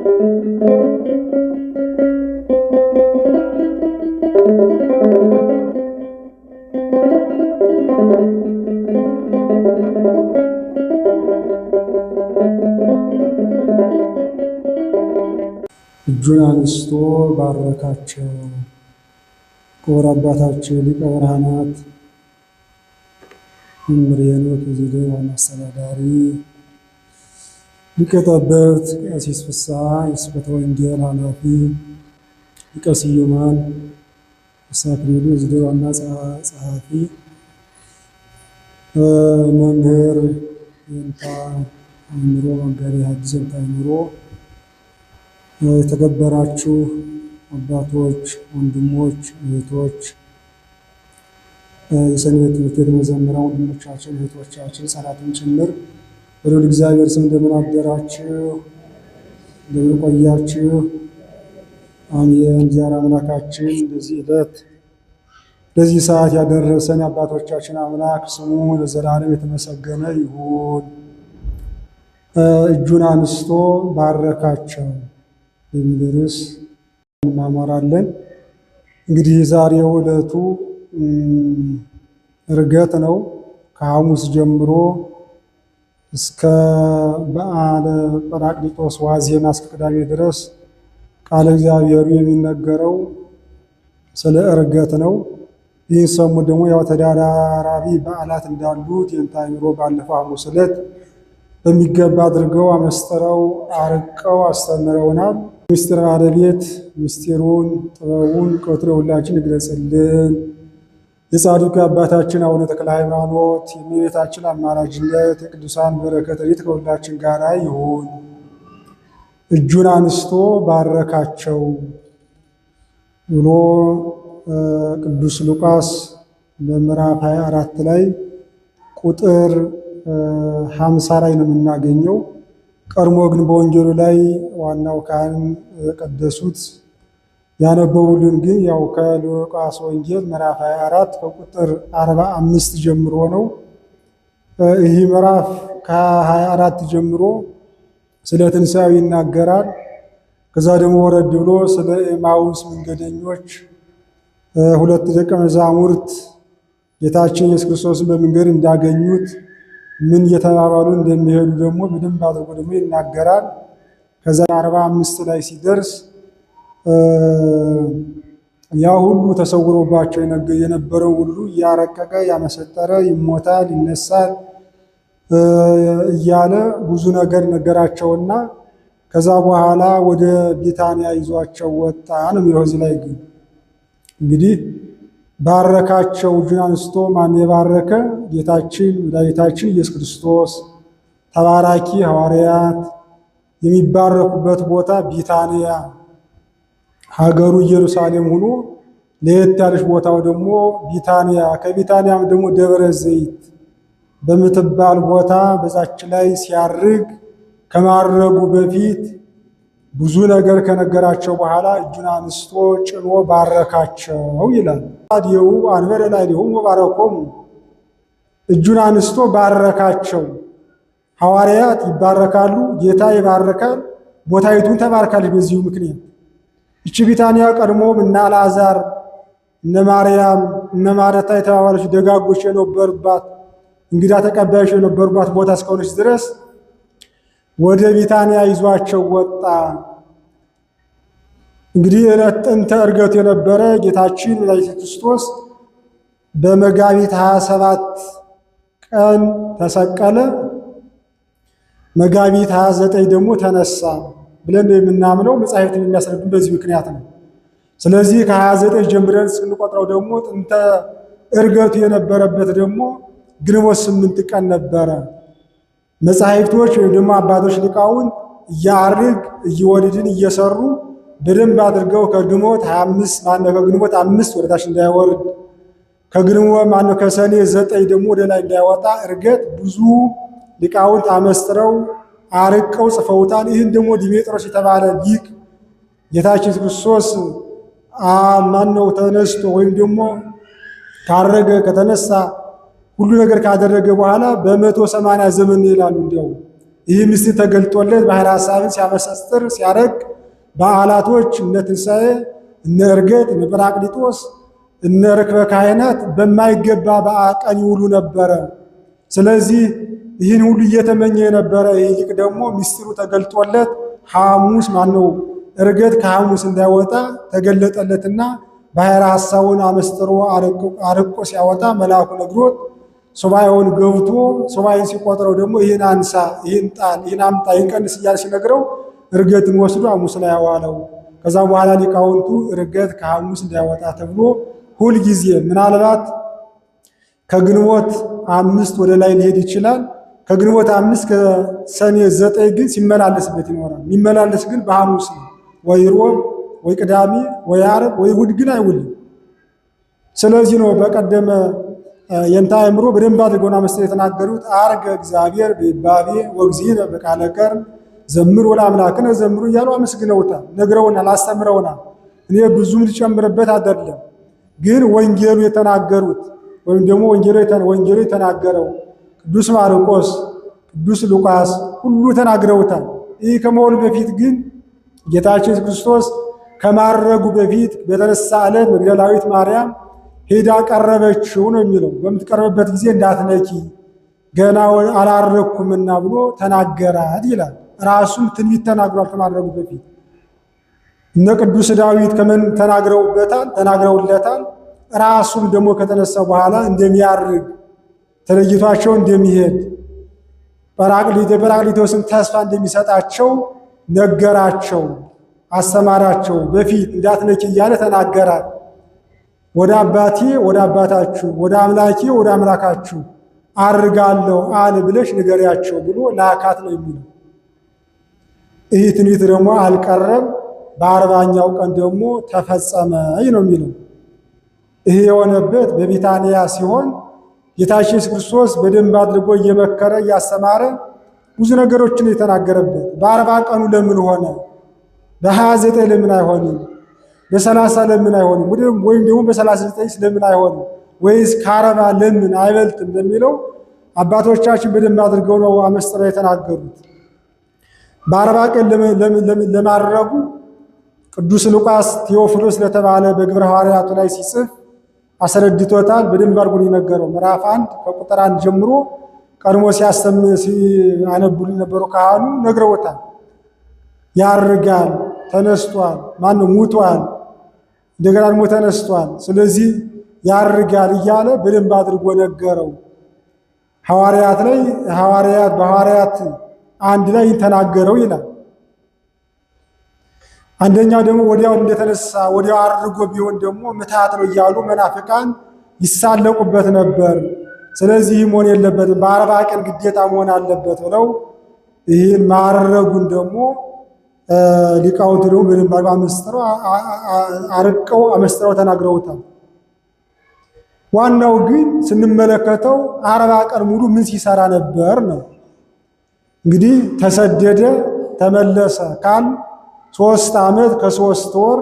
እጁን አንስቶ ባረካቸው። ክቡር አባታችን ሊቀ ብርሃናት መምሬኖ ፕሬዚደንት ዋና አስተዳዳሪ ሊቀ ጠበብት ቀሲስ ፍስሐ የስብከተ ወንጌል ኃላፊ፣ ሊቀ ስዩማን ፍስሐ አክሊሉ ዋና ጸሐፊ፣ መምህር የንታ አእምሮ መጋቤ ሐዲስ የንታ አእምሮ፣ የተከበራችሁ አባቶች፣ ወንድሞች፣ እህቶች የሰንበት ትምህርት ቤት መዘምራን ወንድሞቻችን፣ እህቶቻችን፣ ሕፃናትም ጭምር በልዑል እግዚአብሔር ስም እንደምን አደራችሁ? እንደምን ቆያችሁ? አሜን። አምላካችን በዚህ ዕለት በዚህ ሰዓት ያደረሰን አባቶቻችን አምላክ ስሙ ለዘላለም የተመሰገነ ይሁን። እጁን አንስቶ ባረካቸው የሚል ርዕስ እንማማራለን። እንግዲህ ዛሬው ዕለቱ ዕርገት ነው። ከሐሙስ ጀምሮ እስከ በዓለ ጰራቅሊጦስ ዋዜማ እስከ ቅዳሜ ድረስ ቃለ እግዚአብሔሩ የሚነገረው ስለ እርገት ነው። ይህን ሰሙ ደግሞ ያው ተደራራቢ በዓላት እንዳሉት የንታይሮ ባለፈው ሐሙስ ዕለት በሚገባ አድርገው አመስጥረው አርቀው አስተምረውናል። ምስጢር ባለቤት ምስጢሩን ጥበቡን ቀትሮ ሁላችን ይግለጽልን። የጻድቁ አባታችን አቡነ ተክለ ሃይማኖት የእመቤታችን አማላጅነት የቅዱሳን በረከት ቤት ከሁላችን ጋር ይሁን። እጁን አንስቶ ባረካቸው ብሎ ቅዱስ ሉቃስ በምዕራፍ 24 ላይ ቁጥር 50 ላይ ነው የምናገኘው። ቀድሞ ግን በወንጌሉ ላይ ዋናው ካህን የቀደሱት። ያነበቡልን ግን ያው ከሉቃስ ወንጌል ምዕራፍ 24 ከቁጥር 45 ጀምሮ ነው። ይህ ምዕራፍ ከ24 ጀምሮ ስለ ትንሣኤው ይናገራል። ከዛ ደግሞ ወረድ ብሎ ስለ ኤማውስ መንገደኞች ሁለት ደቀ መዛሙርት ጌታችን ኢየሱስ ክርስቶስን በመንገድ እንዳገኙት ምን እየተባባሉ እንደሚሄዱ ደግሞ በደንብ አድርጎ ደግሞ ይናገራል። ከዛ 45 ላይ ሲደርስ ያ ሁሉ ተሰውሮባቸው የነበረው ሁሉ ያረቀቀ ያመሰጠረ ይሞታል፣ ይነሳል እያለ ብዙ ነገር ነገራቸውና ከዛ በኋላ ወደ ቢታንያ ይዟቸው ወጣ ነው የሚለው። እዚህ ላይ ግን እንግዲህ ባረካቸው፣ እጁን አንስቶ ማን የባረከ ጌታችን መድኃኒታችን ኢየሱስ ክርስቶስ። ተባራኪ ሐዋርያት የሚባረኩበት ቦታ ቢታንያ ሀገሩ ኢየሩሳሌም ሆኖ ለየት ያለች ቦታው ደግሞ ቢታንያ፣ ከቢታንያም ደግሞ ደብረ ዘይት በምትባል ቦታ በዛች ላይ ሲያርግ ከማረጉ በፊት ብዙ ነገር ከነገራቸው በኋላ እጁን አንስቶ ጭኖ ባረካቸው ይላል። ዲሁ አንበረ ላይ ዲሁ ባረኮሙ እጁን አንስቶ ባረካቸው። ሐዋርያት ይባረካሉ፣ ጌታ ይባረካል፣ ቦታይቱን ተባርካለች። በዚሁ ምክንያት ይቺ ቢታንያ ቀድሞም እነ አልዓዛር እነ ማርያም እነ ማረታ የተባባሎች ደጋጎች የነበሩባት እንግዳ ተቀባዮች የነበሩባት ቦታ እስከሆነች ድረስ ወደ ቢታንያ ይዟቸው ወጣ። እንግዲህ ዕለት ጥንተ ዕርገቱ የነበረ ጌታችን መድኃኒታችን ክርስቶስ በመጋቢት 27 ቀን ተሰቀለ። መጋቢት 29 ደግሞ ተነሳ። ብለን ነው የምናምነው። መጽሐፍትን የሚያስረዱን በዚህ ምክንያት ነው። ስለዚህ ከ29 ጀምረን ስንቆጥረው ደግሞ ጥንተ እርገቱ የነበረበት ደግሞ ግንቦት ስምንት ቀን ነበረ። መጻሕፍቶች ወይም ደግሞ አባቶች ሊቃውንት እያአርግ እየወድድን እየሰሩ በደንብ አድርገው ከግንቦት 25 ማነው ከግንቦት አምስት ወደታች እንዳይወርድ ከግንቦት ማነው ከሰኔ ዘጠኝ ደግሞ ወደ ላይ እንዳይወጣ እርገት ብዙ ሊቃውንት አመስጥረው አርቀው ጽፈውታል። ይህን ደግሞ ዲሜጥሮስ የተባለ ሊቅ ጌታችን ክርስቶስ ማነው ተነስቶ ወይም ደግሞ ካረገ ከተነሳ ሁሉ ነገር ካደረገ በኋላ በመቶ ሰማንያ ዘመን ይላሉ። እንዲያው ይህ ምስጢር ተገልጦለት ባሕረ ሀሳብን ሲያመሳስጥር ሲያረግ በዓላቶች እነ ትንሣኤ፣ እነ እርገት እነ ጰራቅሊጦስ፣ እነ ርክበ ካህናት በማይገባ በቀን ይውሉ ነበረ። ስለዚህ ይህን ሁሉ እየተመኘ የነበረ ይልቅ ደግሞ ምስጢሩ ተገልጦለት ሐሙስ ማነው እርገት ከሐሙስ እንዳይወጣ ተገለጠለትና ባሕረ ሐሳቡን አመስጥሮ አርቆ ሲያወጣ መልአኩ ነግሮት ሱባኤውን ገብቶ ሱባኤን ሲቆጥረው ደግሞ ይህን አንሳ፣ ይህን ጣል፣ ይህን አምጣ፣ ይህን ቀንስ እያለ ሲነግረው እርገትን ወስዶ ሐሙስ ላይ ያዋለው። ከዛ በኋላ ሊቃውንቱ እርገት ከሐሙስ እንዳይወጣ ተብሎ ሁልጊዜ ምናልባት ከግንቦት አምስት ወደ ላይ ሊሄድ ይችላል። ከግንቦት አምስት ከሰኔ ዘጠኝ ግን ሲመላለስበት ይኖራል። የሚመላለስ ግን በሐሙስ ነው ወይ ሮብ ወይ ቅዳሜ ወይ አርብ ወይ እሑድ ግን አይውልም። ስለዚህ ነው በቀደመ የንታ አእምሮ በደንብ አድርገውና መሰል የተናገሩት አርገ እግዚአብሔር በይባቤ ወግዚነ በቃለ ቀርን ዘምሩ ለአምላክነ ዘምሩ እያሉ አመስግነውታል፣ ነግረውናል፣ አስተምረውናል። እኔ ብዙም ልጨምርበት አይደለም፣ ግን ወንጌሉ የተናገሩት ወይም ደግሞ ወንጌሉ የተናገረው ቅዱስ ማርቆስ፣ ቅዱስ ሉቃስ ሁሉ ተናግረውታል። ይህ ከመሆኑ በፊት ግን ጌታችን ክርስቶስ ከማረጉ በፊት በተነሳ ዕለት መግደላዊት ማርያም ሄዳ ቀረበችው ነው የሚለው። በምትቀርብበት ጊዜ እንዳትነኪ ገና አላረግኩምና ብሎ ተናገራት ይላል። ራሱም ትንቢት ተናግሯል። ከማድረጉ በፊት እነ ቅዱስ ዳዊት ከምን ተናግረውበታል ተናግረውለታል። ራሱም ደግሞ ከተነሳ በኋላ እንደሚያርግ ተለይቷቸው እንደሚሄድ ጰራቅሊጦስም ተስፋ እንደሚሰጣቸው ነገራቸው፣ አስተማራቸው። በፊት እንዳትነኪ እያለ ተናገራት። ወደ አባቴ ወደ አባታችሁ፣ ወደ አምላኬ ወደ አምላካችሁ አርጋለሁ አል ብለሽ ንገሪያቸው ብሎ ላካት ነው የሚለው። ይህ ትንቢት ደግሞ አልቀረም፣ በአርባኛው ቀን ደግሞ ተፈጸመ ነው የሚለው። ይህ የሆነበት በቢታንያ ሲሆን ጌታችን ኢየሱስ ክርስቶስ በደንብ አድርጎ እየመከረ እያስተማረ ብዙ ነገሮችን የተናገረበት በአርባ ቀኑ ለምን ሆነ? በሀያ ዘጠኝ ለምን አይሆንም? በሰላሳ ለምን አይሆንም? ወይም ደግሞ በሰላሳ ዘጠኝ ለምን አይሆንም? ወይስ ከአርባ ለምን አይበልጥም? በሚለው አባቶቻችን በደንብ አድርገው ነው አመስጥረው የተናገሩት። በአርባ ቀን ለማድረጉ ቅዱስ ሉቃስ ቴዎፍሎስ ለተባለ በግብረ ሐዋርያቱ ላይ ሲጽፍ አስረድቶታል። በደንብ አድርጎ የነገረው ምዕራፍ አንድ ከቁጥር አንድ ጀምሮ ቀድሞ ሲያሰም ሲያነቡልን ነበሩ ካህኑ ነግረውታል። ያርጋል፣ ተነስቷል፣ ማነው ሙቷል፣ እንደገና ደግሞ ተነስቷል። ስለዚህ ያርጋል እያለ በደንብ አድርጎ ነገረው። ሐዋርያት ላይ ሐዋርያት በሐዋርያት አንድ ላይ ተናገረው ይላል አንደኛው ደግሞ ወዲያው እንደተነሳ ወዲያው አድርጎ ቢሆን ደግሞ ምትሃት ነው እያሉ መናፍቃን ይሳለቁበት ነበር። ስለዚህ መሆን የለበትም በአርባ ቀን ግዴታ መሆን አለበት ብለው ይህን ማረጉን ደግሞ ሊቃውንት ደግሞ በደንብ አድርገው አመስጥረው አርቀው አመስጥረው ተናግረውታል። ዋናው ግን ስንመለከተው አርባ ቀን ሙሉ ምን ሲሰራ ነበር ነው። እንግዲህ ተሰደደ ተመለሰ ካል ሶስት ዓመት ከሶስት ወር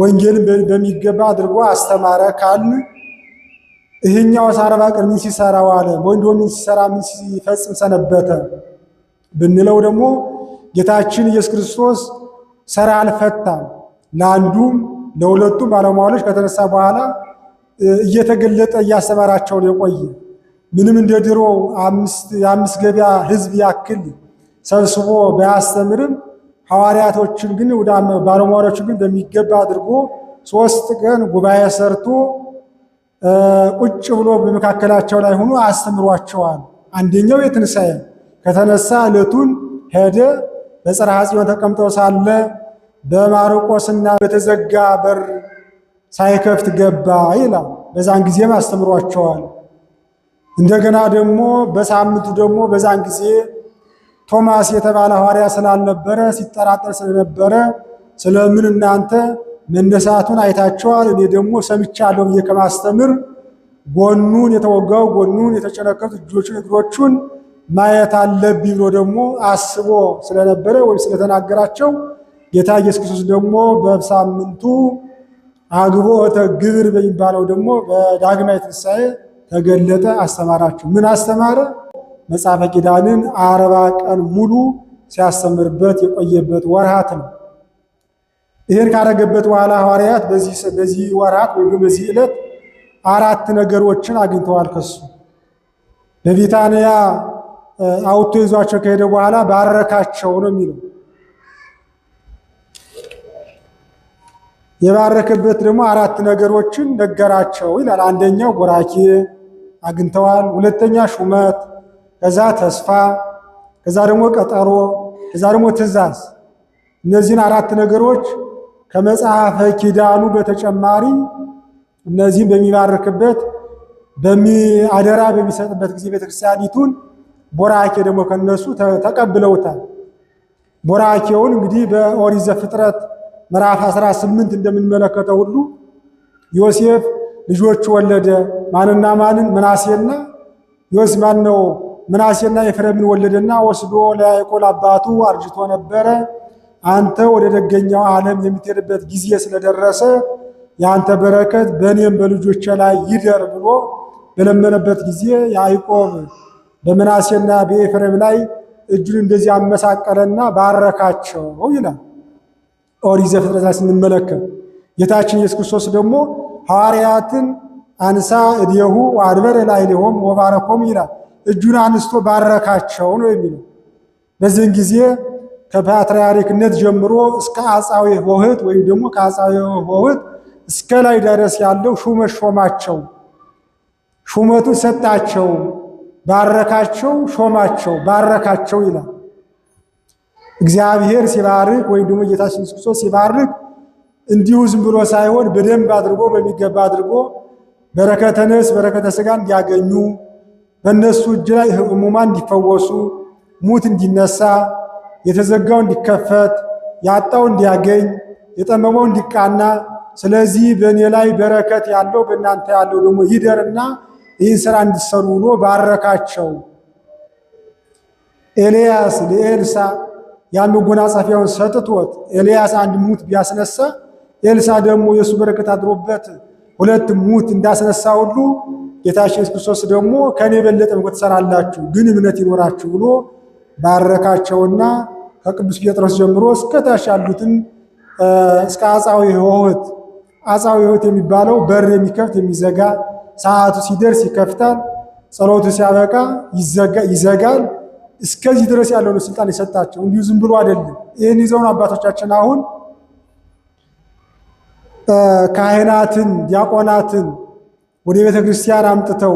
ወንጌልን በሚገባ አድርጎ አስተማረ ካልን ይህኛው አርባ ቀን ምን ሲሰራ ዋለ? ወንዶ ምን ሲሰራ ምን ሲፈጽም ሰነበተ ብንለው ደግሞ ጌታችን ኢየሱስ ክርስቶስ ሰራ አልፈታም። ለአንዱም ለሁለቱም ባለሟሎች ከተነሳ በኋላ እየተገለጠ እያስተማራቸውን የቆየ ምንም እንደ ድሮ የአምስት ገበያ ሕዝብ ያክል ሰብስቦ ባያስተምርም ሐዋርያቶችን ግን ወደ ግን በሚገባ አድርጎ ሶስት ቀን ጉባኤ ሰርቶ ቁጭ ብሎ በመካከላቸው ላይ ሆኖ አስተምሯቸዋል። አንደኛው የትንሣኤ ከተነሳ ዕለቱን ሄደ በጽርሐ ጽዮን ተቀምጠው ሳለ በማርቆስና በተዘጋ በር ሳይከፍት ገባ ይላል። በዛን ጊዜም አስተምሯቸዋል። እንደገና ደግሞ በሳምንቱ ደግሞ በዛን ጊዜ ቶማስ የተባለ ሐዋርያ ስላልነበረ ሲጠራጠር ስለነበረ ስለምን እናንተ መነሳቱን አይታችኋል፣ እኔ ደግሞ ሰምቻለሁ ብዬ ከማስተምር ጎኑን የተወጋው ጎኑን የተጨረከቱት እጆቹን እግሮቹን ማየት አለብኝ ብሎ ደግሞ አስቦ ስለነበረ ወይም ስለተናገራቸው ጌታ ኢየሱስ ክርስቶስ ደግሞ በሳምንቱ አግቦተ ግብር በሚባለው ደግሞ በዳግማዊ ትንሣኤ ተገለጠ፣ አስተማራቸው። ምን አስተማረ? መጽሐፈ ኪዳንን አርባ ቀን ሙሉ ሲያስተምርበት የቆየበት ወርሃት ነው። ይህን ካደረገበት በኋላ ሐዋርያት በዚህ ወርሃት ወይም በዚህ ዕለት አራት ነገሮችን አግኝተዋል ከሱ በቢታንያ አውቶ ይዟቸው ከሄደ በኋላ ባረካቸው ነው የሚለው። የባረከበት ደግሞ አራት ነገሮችን ነገራቸው ይላል። አንደኛው ጎራኬ አግኝተዋል። ሁለተኛ ሹመት ከዛ ተስፋ፣ ከዛ ደግሞ ቀጠሮ፣ ከዛ ደግሞ ትእዛዝ። እነዚህን አራት ነገሮች ከመጽሐፈ ኪዳኑ በተጨማሪ እነዚህን በሚባርክበት በሚአደራ በሚሰጥበት ጊዜ ቤተክርስቲያኒቱን ቦራኬ ደግሞ ከነሱ ተቀብለውታል። ቦራኬውን እንግዲህ በኦሪት ዘፍጥረት ምዕራፍ 18 እንደምንመለከተው ሁሉ ዮሴፍ ልጆች ወለደ። ማንና ማንን? መናሴና ዮሴፍ ማን ነው? ምናሴና ኤፍሬምን ወለደና ወስዶ ለያዕቆብ አባቱ አርጅቶ ነበረ። አንተ ወደ ደገኛው ዓለም የምትሄድበት ጊዜ ስለደረሰ የአንተ በረከት በእኔም በልጆቼ ላይ ይደር ብሎ በለመነበት ጊዜ ያዕቆብ በምናሴና በኤፍሬም ላይ እጁን እንደዚህ አመሳቀለና ባረካቸው ይላል ኦሪት ዘፍጥረት ላይ ስንመለከት። ጌታችን ኢየሱስ ክርስቶስ ደግሞ ሐዋርያትን አንሳ እዴሁ ወአድበረ ላዕሌሆሙ ወባረኮሙ ይላል እጁን አንስቶ ባረካቸው ነው የሚለው። በዚህን ጊዜ ከፓትርያርክነት ጀምሮ እስከ አጻዊ ወህት ወይም ደግሞ ከአጻዊ ወህት እስከ ላይ ድረስ ያለው ሹመት ሾማቸው፣ ሹመቱን ሰጣቸው፣ ባረካቸው፣ ሾማቸው፣ ባረካቸው ይላል። እግዚአብሔር ሲባርክ ወይም ደግሞ ጌታችን ኢየሱስ ክርስቶስ ሲባርክ እንዲሁ ዝም ብሎ ሳይሆን በደንብ አድርጎ በሚገባ አድርጎ በረከተ ነፍስ በረከተ ስጋ እንዲያገኙ በእነሱ እጅ ላይ ሕሙማን እንዲፈወሱ፣ ሙት እንዲነሳ፣ የተዘጋው እንዲከፈት፣ ያጣው እንዲያገኝ፣ የጠመመው እንዲቃና፣ ስለዚህ በእኔ ላይ በረከት ያለው በእናንተ ያለው ደግሞ ይደርና ይህን ስራ እንዲሰሩ ብሎ ባረካቸው። ኤልያስ ለኤልሳ ያን መጎናጸፊያውን ሰጥቶት ኤልያስ አንድ ሙት ቢያስነሳ ኤልሳ ደግሞ የእሱ በረከት አድሮበት ሁለት ሙት እንዳስነሳ ሁሉ ጌታችን ኢየሱስ ክርስቶስ ደግሞ ከኔ የበለጠ ምንቆ ትሰራላችሁ ግን እምነት ይኖራችሁ ብሎ ባረካቸውና ከቅዱስ ጴጥሮስ ጀምሮ እስከ ታች ያሉትን እስከ አጻዊ ሕይወት አጻዊ ሕይወት የሚባለው በር የሚከፍት የሚዘጋ ሰዓቱ ሲደርስ ይከፍታል፣ ጸሎቱ ሲያበቃ ይዘጋል። እስከዚህ ድረስ ያለውን ስልጣን የሰጣቸው እንዲሁ ዝም ብሎ አይደለም። ይህን ይዘውን አባቶቻችን አሁን ካህናትን፣ ዲያቆናትን ወደ ቤተ ክርስቲያን አምጥተው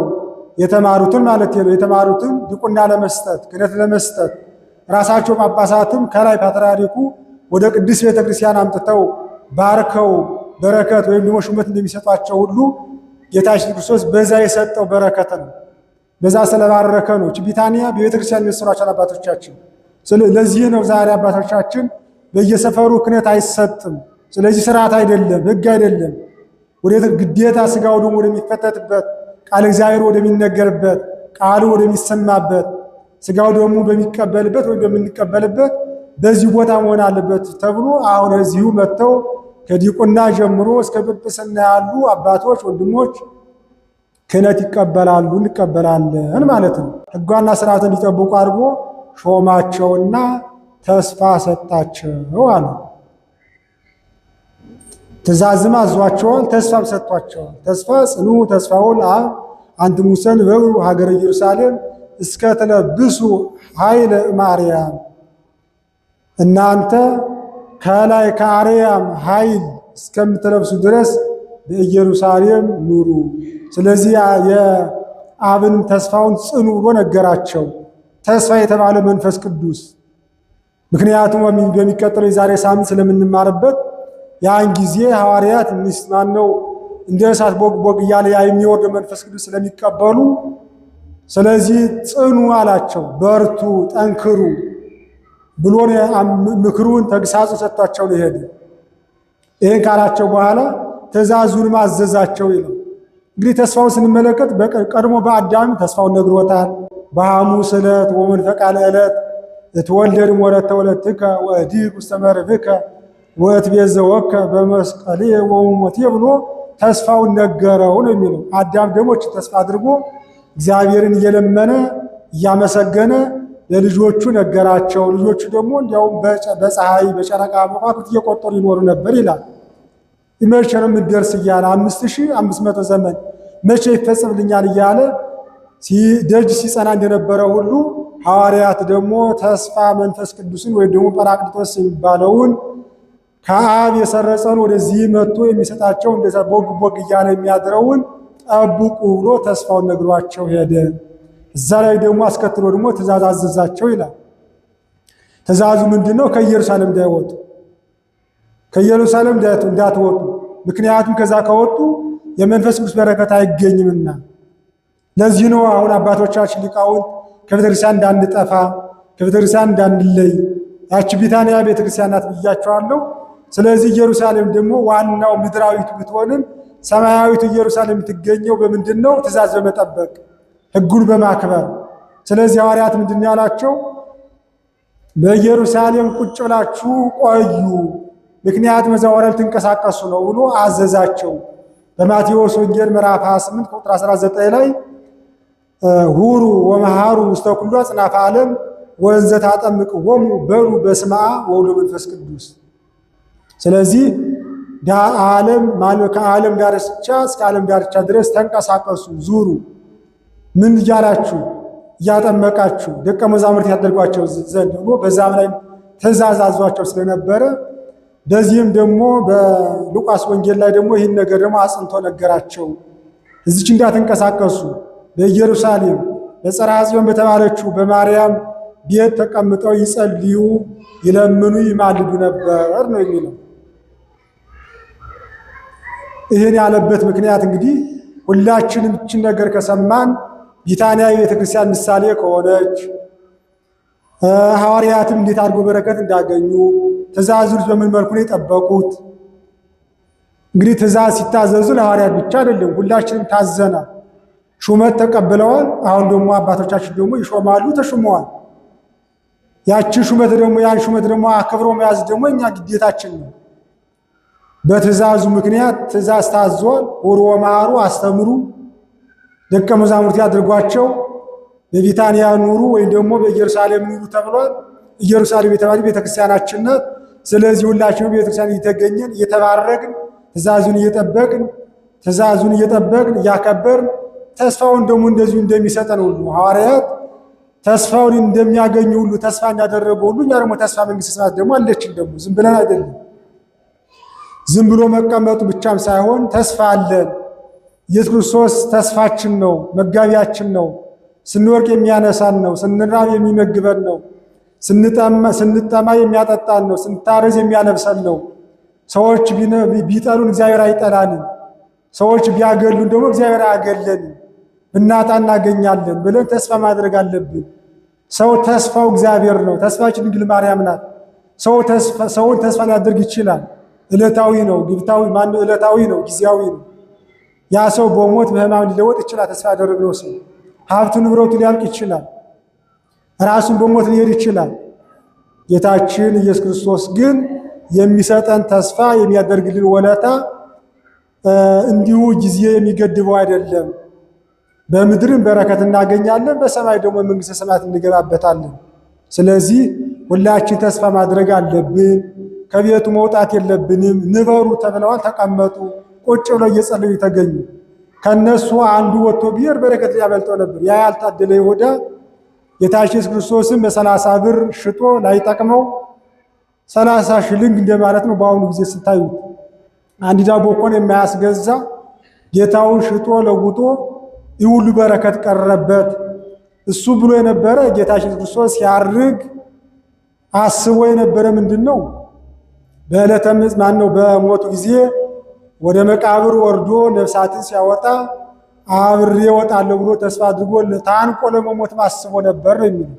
የተማሩትን ማለት ነው የተማሩትን ድቁና ለመስጠት ክህነት ለመስጠት ራሳቸው ጳጳሳትም ከላይ ፓትርያርኩ ወደ ቅድስት ቤተ ክርስቲያን አምጥተው ባርከው በረከት ወይም ደግሞ ሹመት እንደሚሰጧቸው ሁሉ ጌታችን ክርስቶስ በዛ የሰጠው በረከት ነው። በዛ ስለባረከ ነው ቢታንያ በቤተ ክርስቲያን የሚሰሯቸው አባቶቻችን። ስለዚህ ነው ዛሬ አባቶቻችን በየሰፈሩ ክህነት አይሰጥም። ስለዚህ ስርዓት አይደለም፣ ህግ አይደለም ወደ ግዴታ ስጋው ደሙ ወደሚፈተትበት ቃል እግዚአብሔር ወደሚነገርበት ቃሉ ወደሚሰማበት ስጋው ደሙ በሚቀበልበት ወይም በምንቀበልበት በዚህ ቦታ መሆን አለበት ተብሎ አሁን እዚሁ መጥተው ከዲቁና ጀምሮ እስከ ጵጵስና ያሉ አባቶች ወንድሞች ክህነት ይቀበላሉ፣ እንቀበላለን ማለት ነው። ሕጓና ስርዓት እንዲጠብቁ አድርጎ ሾማቸውና ተስፋ ሰጣቸው አሉ። ትእዛዝም አዟቸዋል፣ ተስፋም ሰጥቷቸዋል። ተስፋ ጽኑ ተስፋውን አብ ሙሰን በብሩ ሀገረ ኢየሩሳሌም እስከ ትለብሱ ኃይለ ማርያም እናንተ ከላይ ከአርያም ኃይል እስከምትለብሱ ድረስ በኢየሩሳሌም ኑሩ። ስለዚህ የአብን ተስፋውን ጽኑ ብሎ ነገራቸው። ተስፋ የተባለ መንፈስ ቅዱስ ምክንያቱም በሚቀጥለው የዛሬ ሳምንት ስለምንማርበት ያን ጊዜ ሐዋርያት ነው እንደ እሳት ቦግ ቦግ እያለ ያ የሚወርድ መንፈስ ቅዱስ ስለሚቀበሉ፣ ስለዚህ ጽኑ አላቸው፣ በርቱ፣ ጠንክሩ ብሎ ምክሩን ተግሳጹ ሰጥቷቸው ነው ይሄዱ። ይህን ካላቸው በኋላ ትእዛዙን ማዘዛቸው ይለው። እንግዲህ ተስፋውን ስንመለከት ቀድሞ በአዳም ተስፋውን ነግሮታል። በሐሙስ ዕለት ወመንፈቃለ ዕለት እትወልደድም ወረተ ወለትከ ወእዲህ ውስተ ወትቤዘወከ በመስቀል ወውሞቴ ብሎ ተስፋውን ነገረው ነው የሚለው። አዳም ደግሞ ተስፋ አድርጎ እግዚአብሔርን እየለመነ እያመሰገነ ለልጆቹ ነገራቸው። ልጆቹ ደግሞ እንዲያውም በፀሐይ በጨረቃ መኳክት እየቆጠሩ ይኖሩ ነበር ይላል። መቼ ነው የምትደርስ እያለ አምስት ሺህ አምስት መቶ ዘመን መቼ ይፈጽምልኛል እያለ ደጅ ሲጸና እንደነበረ ሁሉ ሐዋርያት ደግሞ ተስፋ መንፈስ ቅዱስን ወይም ደግሞ ጰራቅሊጦስ የሚባለውን ከአብ የሰረጸን ወደዚህ መጥቶ የሚሰጣቸው እንደዛ ቦግ ቦግ እያለ የሚያድረውን ጠብቁ ብሎ ተስፋውን ነግሯቸው ሄደ። እዛ ላይ ደግሞ አስከትሎ ደግሞ ትእዛዝ አዘዛቸው ይላል። ትእዛዙ ምንድን ነው? ከኢየሩሳሌም እንዳይወጡ ከኢየሩሳሌም እንዳትወጡ፣ ምክንያቱም ከዛ ከወጡ የመንፈስ ቅዱስ በረከት አይገኝምና። ለዚህ ነው አሁን አባቶቻችን ሊቃውንት ከቤተክርስቲያን እንዳንጠፋ ከቤተክርስቲያን እንዳንለይ ያቺ ቢታንያ ቤተክርስቲያን ናት ብያቸዋለሁ። ስለዚህ ኢየሩሳሌም ደግሞ ዋናው ምድራዊት ብትሆንም ሰማያዊት ኢየሩሳሌም የምትገኘው በምንድን ነው? ትእዛዝ በመጠበቅ ሕጉን በማክበር። ስለዚህ ሐዋርያት ምንድን ነው ያላቸው? በኢየሩሳሌም ቁጭ ብላችሁ ቆዩ፣ ምክንያት መዛወሪያ ልትንቀሳቀሱ ነው ብሎ አዘዛቸው። በማቴዎስ ወንጌል ምዕራፍ 28 ቁጥር 19 ላይ ሁሩ ወመሃሩ ውስተ ኩሉ አጽናፈ ዓለም ወእንዘ ታጠምቁ ወሙ በሉ በስመ አብ ወወልድ ወመንፈስ ቅዱስ ስለዚህ ዓለም ማለት ከዓለም ዳርቻ እስከ ዓለም ዳርቻ ድረስ ተንቀሳቀሱ፣ ዙሩ። ምን እያላችሁ እያጠመቃችሁ ደቀ መዛሙርት ያደርጓቸው ዘንድ ደግሞ በዛም ላይ ተዛዛዟቸው ስለነበረ በዚህም ደግሞ በሉቃስ ወንጌል ላይ ደግሞ ይህን ነገር ደግሞ አጽንቶ ነገራቸው። እዚች እንዳትንቀሳቀሱ በኢየሩሳሌም በጽርሐ ጽዮን በተባለችው በማርያም ቤት ተቀምጠው ይጸልዩ፣ ይለምኑ፣ ይማልዱ ነበር ነው የሚለው። ይህን ያለበት ምክንያት እንግዲህ ሁላችንም ይችን ነገር ከሰማን ቢታንያ የቤተክርስቲያን ምሳሌ ከሆነች ሐዋርያትም እንዴት አድርጎ በረከት እንዳገኙ ትእዛዙን በምን መልኩ ነው የጠበቁት? እንግዲህ ትእዛዝ ሲታዘዙ ለሐዋርያት ብቻ አይደለም፣ ሁላችንም ታዘናል። ሹመት ተቀብለዋል። አሁን ደግሞ አባቶቻችን ደግሞ ይሾማሉ፣ ተሹመዋል። ያቺ ሹመት ደግሞ ያን ሹመት ደግሞ አክብሮ መያዝ ደግሞ እኛ ግዴታችን ነው። በትእዛዙ ምክንያት ትእዛዝ ታዞ ውሩ ማሩ አስተምሩ ደቀ መዛሙርት ያድርጓቸው በቢታንያ ኑሩ ወይም ደግሞ በኢየሩሳሌም ኑሩ ተብሏል። ኢየሩሳሌም የተባለ ቤተክርስቲያናችን ናት። ስለዚህ ሁላችንም ቤተክርስቲያን እየተገኘን እየተባረግን ትእዛዙን እየጠበቅን ትእዛዙን እየጠበቅን እያከበርን ተስፋውን ደግሞ እንደዚሁ እንደሚሰጠን ሁሉ ሐዋርያት ተስፋውን እንደሚያገኙ ሁሉ ተስፋ እንዳደረገ ሁሉ እኛ ደግሞ ተስፋ መንግስት ሰማያት ደግሞ አለችን። ደግሞ ዝም ብለን አይደለም ዝም ብሎ መቀመጡ ብቻም ሳይሆን ተስፋ አለን። ኢየሱስ ክርስቶስ ተስፋችን ነው፣ መጋቢያችን ነው። ስንወርቅ የሚያነሳን ነው፣ ስንራብ የሚመግበን ነው፣ ስንጠማ የሚያጠጣን ነው፣ ስንታረዝ የሚያለብሰን ነው። ሰዎች ቢጠሉን እግዚአብሔር አይጠላንም። ሰዎች ቢያገሉን ደግሞ እግዚአብሔር አያገለንም። ብናጣ እናገኛለን ብለን ተስፋ ማድረግ አለብን። ሰው ተስፋው እግዚአብሔር ነው። ተስፋችን ድንግል ማርያም ናት። ሰውን ተስፋ ሊያደርግ ይችላል። እለታዊ ነው። ግብታዊ ማነው? እለታዊ ነው፣ ጊዜያዊ ነው። ያ ሰው በሞት በሕማም ሊለወጥ ይችላል። ተስፋ ያደረግነው ሰው ሀብቱ ንብረቱ ሊያልቅ ይችላል። ራሱን በሞት ሊሄድ ይችላል። ጌታችን ኢየሱስ ክርስቶስ ግን የሚሰጠን ተስፋ የሚያደርግልን ወለታ እንዲሁ ጊዜ የሚገድበው አይደለም። በምድርም በረከት እናገኛለን፣ በሰማይ ደግሞ መንግሥተ ሰማያት እንገባበታለን። ስለዚህ ሁላችን ተስፋ ማድረግ አለብን። ከቤቱ መውጣት የለብንም ንበሩ ተብለዋል። ተቀመጡ ቁጭ ብለው እየጸለዩ የተገኙ ከነሱ አንዱ ወጥቶ ብሔር በረከት ሊያበልጠው ነበር። ያ ያልታደለ ይሁዳ ጌታችን ኢየሱስ ክርስቶስን በሰላሳ ብር ሽጦ ላይጠቅመው ሰላሳ ሽልንግ እንደማለት ነው። በአሁኑ ጊዜ ስታዩት አንድ ዳቦ ኮን የማያስገዛ። ጌታውን ሽጦ ለውጦ ይውሉ በረከት ቀረበት። እሱ ብሎ የነበረ ጌታችን ኢየሱስ ክርስቶስ ሲያርግ አስቦ የነበረ ምንድን ነው? በዕለተ ምጽ ማን ነው በሞቱ ጊዜ ወደ መቃብር ወርዶ ነፍሳትን ሲያወጣ አብሬ እወጣለሁ ብሎ ተስፋ አድርጎ ታንቆ ለመሞት ማስቦ ነበር ነው የሚለው።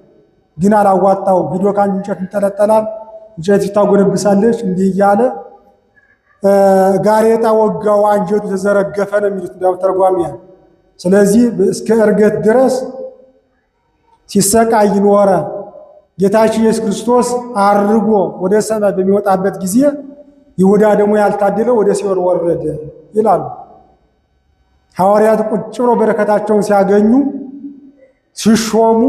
ግን አላዋጣው ሂዶ ከአንድ እንጨት ይንጠለጠላል፣ እንጨት ታጎነብሳለች። እንዲህ እያለ ጋሬጣ ወጋው፣ አንጀቱ ተዘረገፈ ነው የሚሉት እንዲያው ተርጓሚያን። ስለዚህ እስከ እርገት ድረስ ሲሰቃይ ኖረ። ጌታችን ኢየሱስ ክርስቶስ አርጎ ወደ ሰማይ በሚወጣበት ጊዜ ይሁዳ ደግሞ ያልታደለ ወደ ሲኦል ወረደ ይላሉ ሐዋርያት። ቁጭ ብሎ በረከታቸውን ሲያገኙ ሲሾሙ፣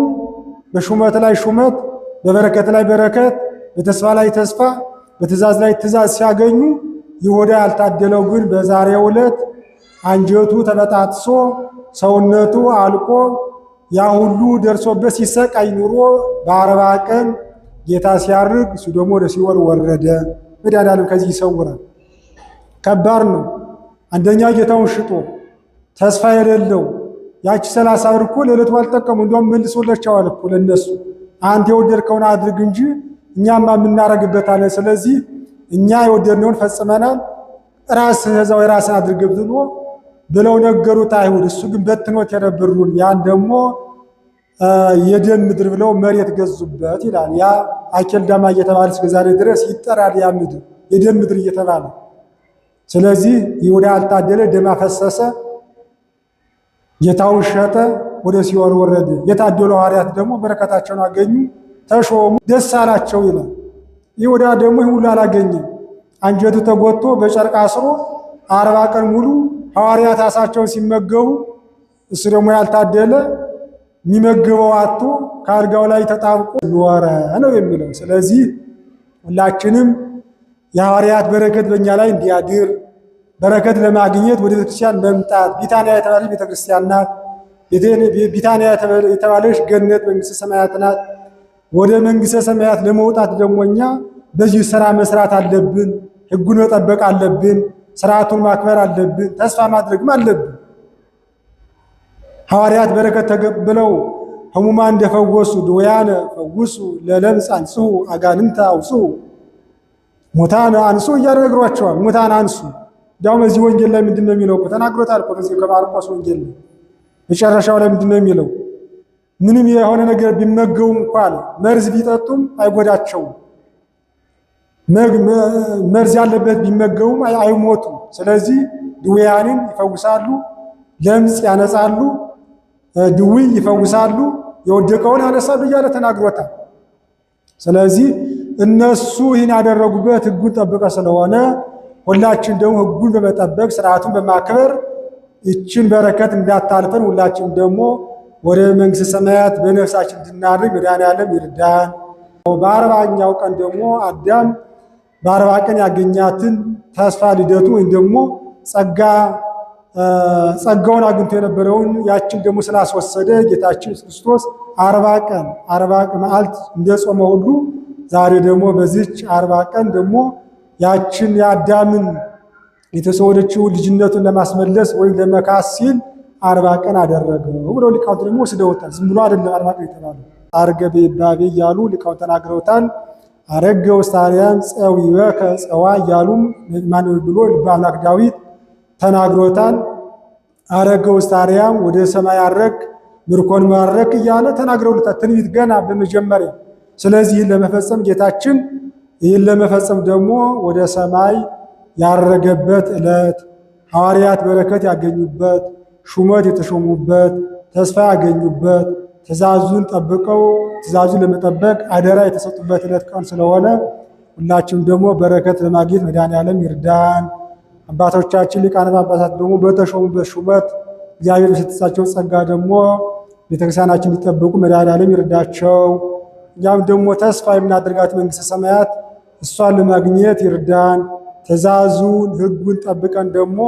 በሹመት ላይ ሹመት፣ በበረከት ላይ በረከት፣ በተስፋ ላይ ተስፋ፣ በትእዛዝ ላይ ትእዛዝ ሲያገኙ ይሁዳ ያልታደለው ግን በዛሬው ዕለት አንጀቱ ተበጣጥሶ ሰውነቱ አልቆ ያ ሁሉ ደርሶበት ሲሰቃይ ኑሮ በአርባ ቀን ጌታ ሲያርግ እሱ ደግሞ ወደ ሲኦል ወረደ። መድኃኔዓለም ከዚህ ይሰውራል። ከባድ ነው። አንደኛ ጌታውን ሽጦ ተስፋ የሌለው ያቺ ሰላሳ ብር እኮ ለዕለቱ አልጠቀሙ። እንዲያውም መልሶላቸዋል እኮ ለእነሱ አንድ የወደድከውን አድርግ እንጂ እኛማ የምናረግበት አለ። ስለዚህ እኛ የወደድነውን ፈጽመናል፣ ራስ እዛው የራስን አድርግ ብሎ ብለው ነገሩት አይሁድ። እሱ ግን በትኖት የነብሩን ያን ደግሞ የደም ምድር ብለው መሬት ገዙበት ይላል። ያ አኬልዳማ እየተባለ እስከ ድረስ ይጠራል። ያ ምድር የደም ምድር እየተባለ ስለዚህ ይሁዳ አልታደለ፣ ደም አፈሰሰ፣ ጌታውን ሸጠ፣ ወደ ሲኦል ወረደ። የታደሉ ሐዋርያት ደግሞ በረከታቸውን አገኙ፣ ተሾሙ፣ ደስ አላቸው ይላል። ይሁዳ ደግሞ ይሁሉ አላገኘም። አንጀቱ ተጎቶ በጨርቅ አስሮ አርባ ቀን ሙሉ ሐዋርያት አሳቸውን ሲመገቡ እሱ ደግሞ ያልታደለ የሚመግበው አቶ ከአልጋው ላይ ተጣብቆ ኖረ ነው የሚለው። ስለዚህ ሁላችንም የሐዋርያት በረከት በእኛ ላይ እንዲያድር በረከት ለማግኘት ወደ ቤተክርስቲያን መምጣት ቢታንያ የተባለች ቤተክርስቲያን ናት። ቢታንያ የተባለች ገነት መንግስተ ሰማያት ናት። ወደ መንግስተ ሰማያት ለመውጣት ደግሞ እኛ ስራ መስራት አለብን። ህጉን መጠበቅ አለብን። ስርዓቱን ማክበር አለብን። ተስፋ ማድረግም አለብን። ሐዋርያት በረከት ተቀብለው ህሙማን እንደፈወሱ ድውያነ ፈውሱ ለለምጽ አንጽሁ፣ አጋንንተ አውጽሁ፣ ሙታን አንሱ እያለ ነግሯቸዋል። ሙታን አንሱ እንዲያውም እዚህ ወንጌል ላይ ምንድን ነው የሚለው? ተናግሮታል እኮ ከዚህ ከማርቆስ ወንጌል ላይ መጨረሻው ላይ ምንድን ነው የሚለው? ምንም የሆነ ነገር ቢመገቡ እንኳን መርዝ ቢጠጡም አይጎዳቸውም። መርዝ ያለበት ቢመገቡም አይሞቱም። ስለዚህ ድውያንን ይፈውሳሉ፣ ለምጽ ያነጻሉ፣ ድውይ ይፈውሳሉ፣ የወደቀውን ያነሳሉ እያለ ተናግሮታል። ስለዚህ እነሱ ይህን ያደረጉበት ህጉን ጠብቀ ስለሆነ ሁላችን ደግሞ ህጉን በመጠበቅ ስርዓቱን በማክበር ይችን በረከት እንዳታልፈን ሁላችን ደግሞ ወደ መንግስት ሰማያት በነፍሳችን እንድናድርግ መድኃኔ ያለም ይርዳን። በአርባኛው ቀን ደግሞ አዳም በአርባ ቀን ያገኛትን ተስፋ ልደቱ ወይም ደግሞ ጸጋ ጸጋውን አግኝቶ የነበረውን ያችን ደግሞ ስላስወሰደ ጌታችን ኢየሱስ ክርስቶስ አርባ ቀን አርባ መዓልት እንደጾመ ሁሉ ዛሬ ደግሞ በዚች አርባ ቀን ደግሞ ያችን የአዳምን የተሰወደችው ልጅነቱን ለማስመለስ ወይም ለመካስ ሲል አርባ ቀን አደረገው ብለው ሊቃውንት ደግሞ ወስደውታል። ዝም ብሎ አይደለም አርባ ቀን የተባለው አርገ በይባቤ እያሉ ሊቃውንት ተናግረውታል። አረገ ጸው ጸዊወ ጸዋ እያሉም ማን ብሎ ልበ አምላክ ዳዊት ተናግሮታል። አረገ ስታሪያም ወደ ሰማይ አረግ ምርኮን ማረክ እያለ ተናግረውልታል። ትንቢት ገና በመጀመሪያ ስለዚህ ይህን ለመፈጸም ጌታችን ይህን ለመፈጸም ደግሞ ወደ ሰማይ ያረገበት ዕለት ሐዋርያት በረከት ያገኙበት፣ ሹመት የተሾሙበት፣ ተስፋ ያገኙበት ትእዛዙን ጠብቀው ትእዛዙን ለመጠበቅ አደራ የተሰጡበት ዕለት ቀን ስለሆነ ሁላችሁም ደግሞ በረከት ለማግኘት መድኃኔዓለም ይርዳን። አባቶቻችን ሊቃነ ጳጳሳት ደግሞ በተሾሙበት ሹመት እግዚአብሔር በሰጣቸው ጸጋ ደግሞ ቤተክርስቲያናችን እንዲጠብቁ መድኃኔዓለም ይርዳቸው። እኛም ደግሞ ተስፋ የምናደርጋት መንግሥተ ሰማያት እሷን ለማግኘት ይርዳን። ትእዛዙን ሕጉን ጠብቀን ደግሞ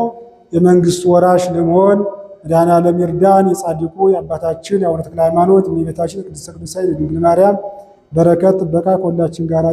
የመንግስቱ ወራሽ ለመሆን መድኃኔ ዓለም ይርዳን። የጻድቁ የአባታችን የአቡነ ተክለ ሃይማኖት የእመቤታችን ቅድስተ ቅዱሳን የድንግል ማርያም በረከት ጥበቃ ከሁላችን ጋር